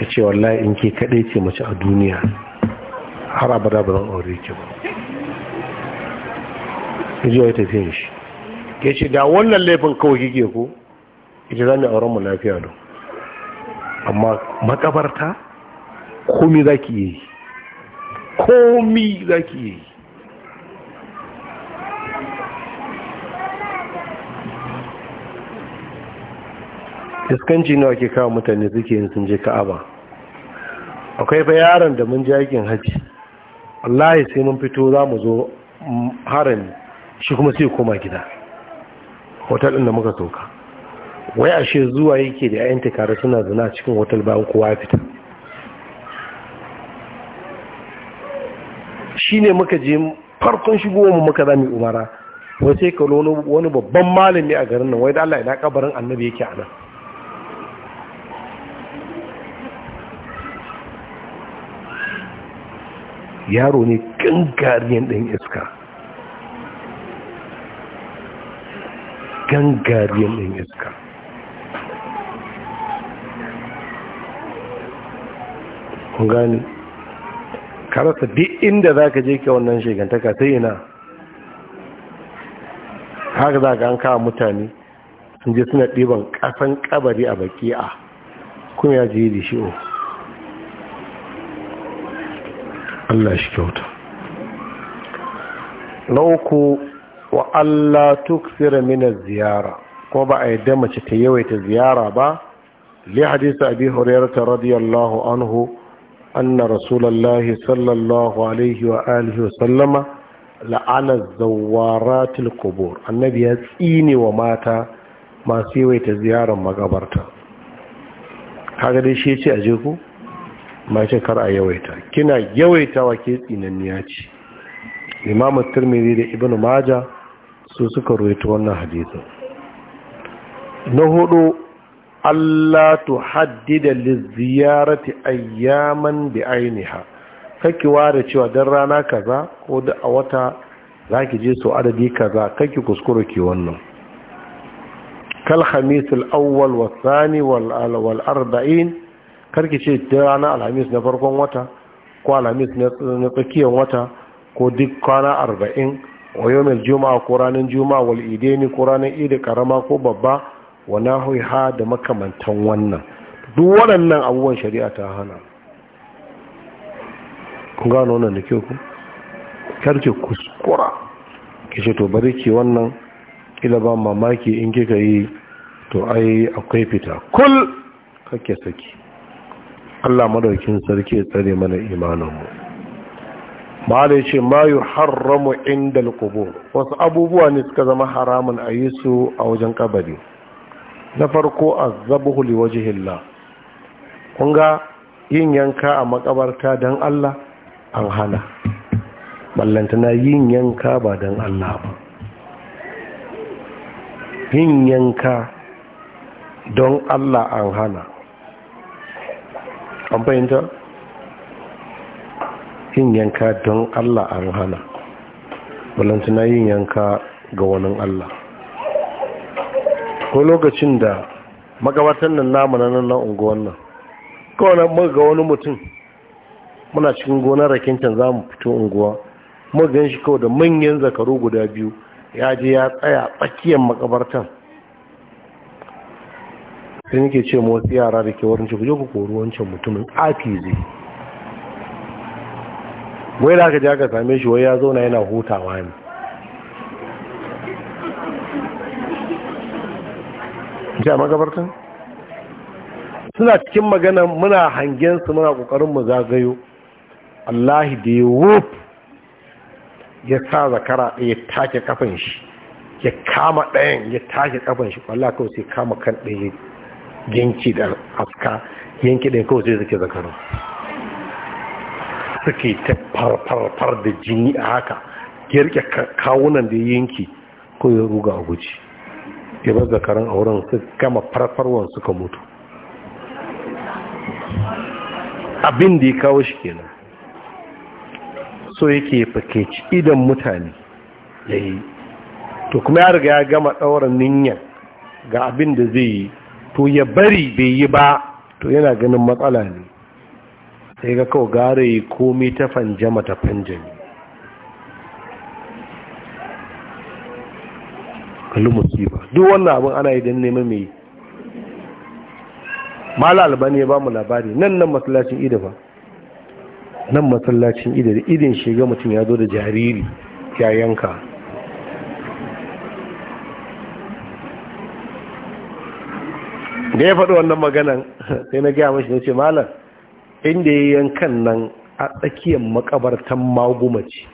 ya ce wallahi in ke kaɗai ce mace a duniya har abada ba zan aure ke ba ya ji wai tafiyan shi ya ce da wannan laifin kawai kike ko ita za mu auren mu lafiya don amma makabarta komi za ki yi komi za ki yi iskanci nawa ke kawo mutane suke yin sun je ka'aba akwai fa yaron da mun jakin haji wallahi sai mun fito za mu zo harami shi kuma sai koma gida hotel ɗin da muka sauka wai ashe zuwa yake da 'ya'yan kare suna zina cikin hotel bayan kowa ya fita shi ne muka je farkon shigowar mu muka zami umara wai sai ka wani babban malami a garin nan wai da Allah ina kabarin annabi yake a nan yaro ne gangariyan ɗan iska gangariyan ɗan iska kun gani karasa duk inda za ka je ke wannan shigantaka sai ina haka za ka an kawo mutane sun je suna ɗiban ƙasan ƙabari a baki a kun ya je da o Allah shi kyauta na uku wa Allah tuksira mina ziyara kuma ba a yadda mace ta yawaita ziyara ba li hadisa abi hurairata radiyallahu anhu أن رسول الله صلى الله عليه وآله وسلم لعن الزوارات القبور النبي يسيني ومات ما سيوي تزيارة مقبرتا هذا دي شيء أجيكو ما شكر أيويتا كنا يويتا وكيت إن النياتي إمام الترمذي دي ابن ماجه su suka ruwaito wannan hadisin Allah tu haddida liziyarati ayyaman bi ainiha kake ware cewa dan rana kaza ko da a wata zaki je so adadi kaza kake kuskure ki wannan kal khamis al awwal wa thani wal wal arba'in karki ce da rana alhamis na farkon wata ko alhamis na tsakiyar wata ko duk kwana arba'in wa yawmil juma'a ko ranar juma'a wal idaini ko ranar idi karama ko babba wa nahuha da makamantan wannan duk waɗannan abubuwan shari'a ta hana kun gano wannan da kyau ku karke kuskura ke ce to bari ke wannan kila ba mamaki in kika yi to ai akwai fita kul kake saki Allah madaukin sarki ya tsare mana imaninmu ba da ce ma yi haramu inda wasu abubuwa ne suka zama haramun a yi su a wajen kabari na farko azabuhu liwajhillah kun ga yin yanka a makabarta don Allah an hana ballantana yin yanka ba don Allah ba yin yanka don Allah an hana an fahimta yin yanka don Allah an hana ballantana yin yanka ga wani Allah akwai lokacin da magabatan nan namu na nan unguwan nan kawai mun ga wani mutum muna cikin gonar raken can za mu fito unguwa mun gan shi kawai da manyan zakaru guda biyu ya je ya tsaya tsakiyar makabartan sai nake ce ma wasu yara da ke wurin ce kuje ku kori wancan mutumin afi zai wai da aka je aka same shi wai ya zauna yana hutawa ne ya magabartan suna cikin magana muna hangen su muna kokarin mu zagayo Allah da ya wuf ya sa zakara ya take kafan shi ya kama ɗayan ya take kafan shi Allah kawai sai kama kan ɗaya yanki da aska yanki ɗaya kawai sai suke zakara suke ta farfarfar da jini a haka ya rike kawunan da yanki ko ya ruga a guji ya bar zakaran auren su gama farfarwan suka mutu abin da ya kawo shi kenan so yake fakeci idan mutane ya yi to kuma ya riga ya gama ɗaurin niyyar ga abin da zai yi to ya bari bai yi ba to yana ganin matsala ne sai ga kawo gare yi komi ta fanjama ta fanjami duk wannan abin ana yi don neman mai mala albani ya ba mu labari nan nan masallacin ida ba nan masallacin ida da idin shiga mutum ya zo da jariri ya yanka da ya faɗi wannan maganan sai na gaya mashi na ce malam inda ya yankan nan a tsakiyar makabartan magumaci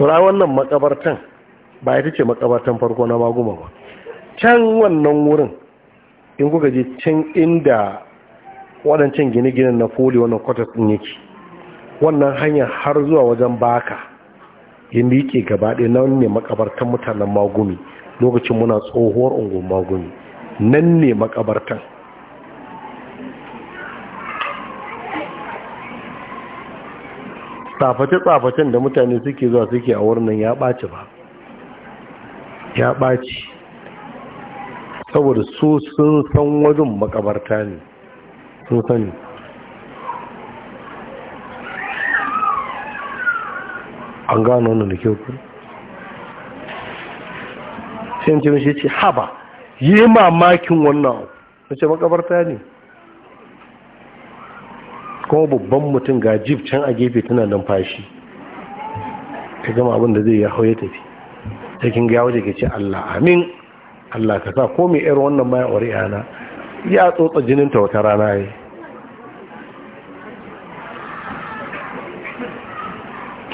tura wannan makabartan ba ita ce makabatan farko na maguma ba can wannan wurin in kuka je can inda waɗancan gine-ginen na foli wannan kwatas ɗin yake wannan hanya har zuwa wajen baka inda yake gaba ɗaya nan ne makabartan mutanen magumi lokacin muna tsohuwar ungun magumi nan ne makabartan tsaface-tsafacen da mutane suke zuwa suke a wurin nan ya ɓaci ba ya ɓaci saboda su sun san wajen makabarta ne sun sani an gano wannan da kyau sai ce mishi ce haba yi mamakin wannan na ce makabarta ne kuma babban mutum ga jib can a gefe tana numfashi ka gama abin da zai ya hau ya tafi sarkin gawo da ke ce Allah amin Allah ka sa ko mai irin wannan ma ya aure yana ya tsotsa jinin ta wata rana yi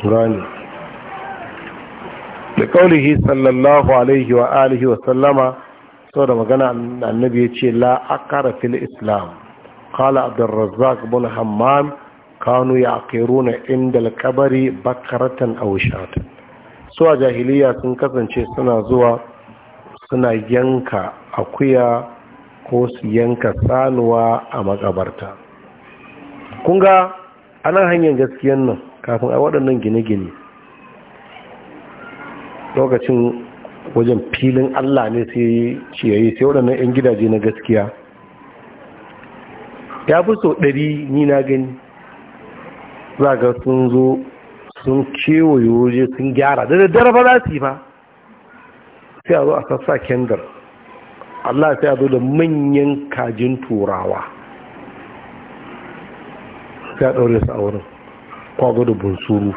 gani da kaulihi sallallahu alaihi wa alihi wa sallama sau da magana annabi ya ce la akara fil islam qala abdurrazzaq bin hammam kanu ya yaqiruna inda al kabari bakratan aw su a jahiliya sun kasance suna zuwa suna yanka akuya ko su yanka sanuwa a makabarta kunga ana hanyar gaskiyan nan kafin a waɗannan gine-gine lokacin wajen filin allah ne sai ciyayi sai waɗannan 'yan gidaje na gaskiya ya fi so ɗari ni na gani za ga sun zo sun kewaye waje sun gyara da daddare ba za su yi ba sai a zo a sassa kendir Allah sai a zo da manyan kajin turawa sai a ɗaure su a wurin kwago da bunsuru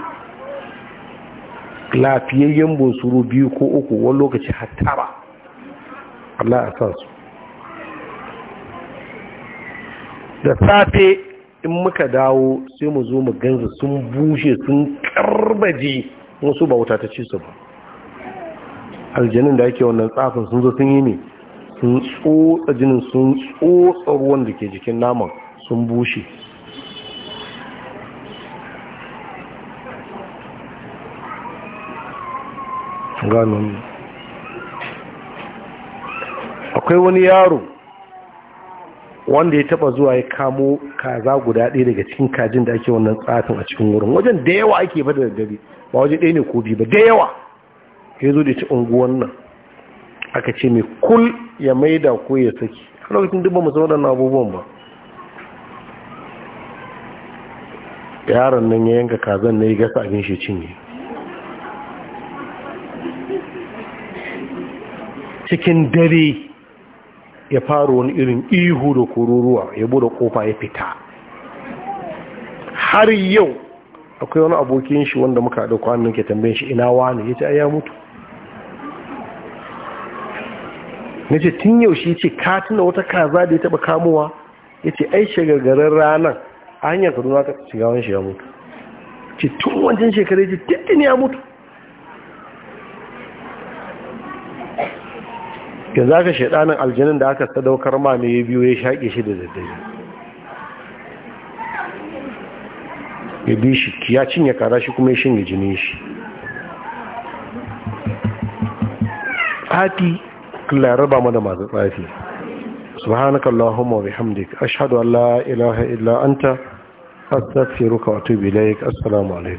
lafiyayyen bunsuru biyu ko uku wani lokaci hattara Allah a sa su da safe in muka dawo sai mu zo mu ganza sun bushe sun karbaje wasu ba wuta ta ci su ba aljanin da ake wannan tsafin sun zo sun yi ne sun tsotsa jinin sun tsotsa ruwan da ke jikin naman sun bushe akwai wani yaro wanda ya taba zuwa ya kamo kaza guda ɗaya daga cikin kajin da ake wannan tsafin a cikin wurin wajen da yawa ake bada da dare ba waje ɗaya ne ko biyu ba da yawa ya zo da ci unguwan nan aka ce mai kul ya maida ko ya saki a lokacin duk ba mu san waɗannan abubuwan ba yaron nan ya yanka kazan na yi gasa abin shi cinye cikin dare ya fara wani irin ihu da kururuwa ya bude kofa ya fita har yau akwai wani abokin shi wanda muka da kwanan ke tambayin shi ina wani ya ce ya mutu na ce tun yaushe ce katina wata kaza da ya taba kamowa ya ce ai shagagarin ranar a hanyar kaduna ta shiga wani shi ya mutu ce tun wancan shekaru ya ce tuntun ya mutu yanzu aka shaɗanin aljinin da aka sadaukar ma ne biyu ya shaƙe shi da daddare ya bi shi ya cinye kara shi kuma ya shinye jinin shi Ati Allah ya raba mana masu tsafi subhanaka Allahumma wa bihamdika ashhadu an la ilaha illa anta astaghfiruka wa atubu ilaik assalamu alaikum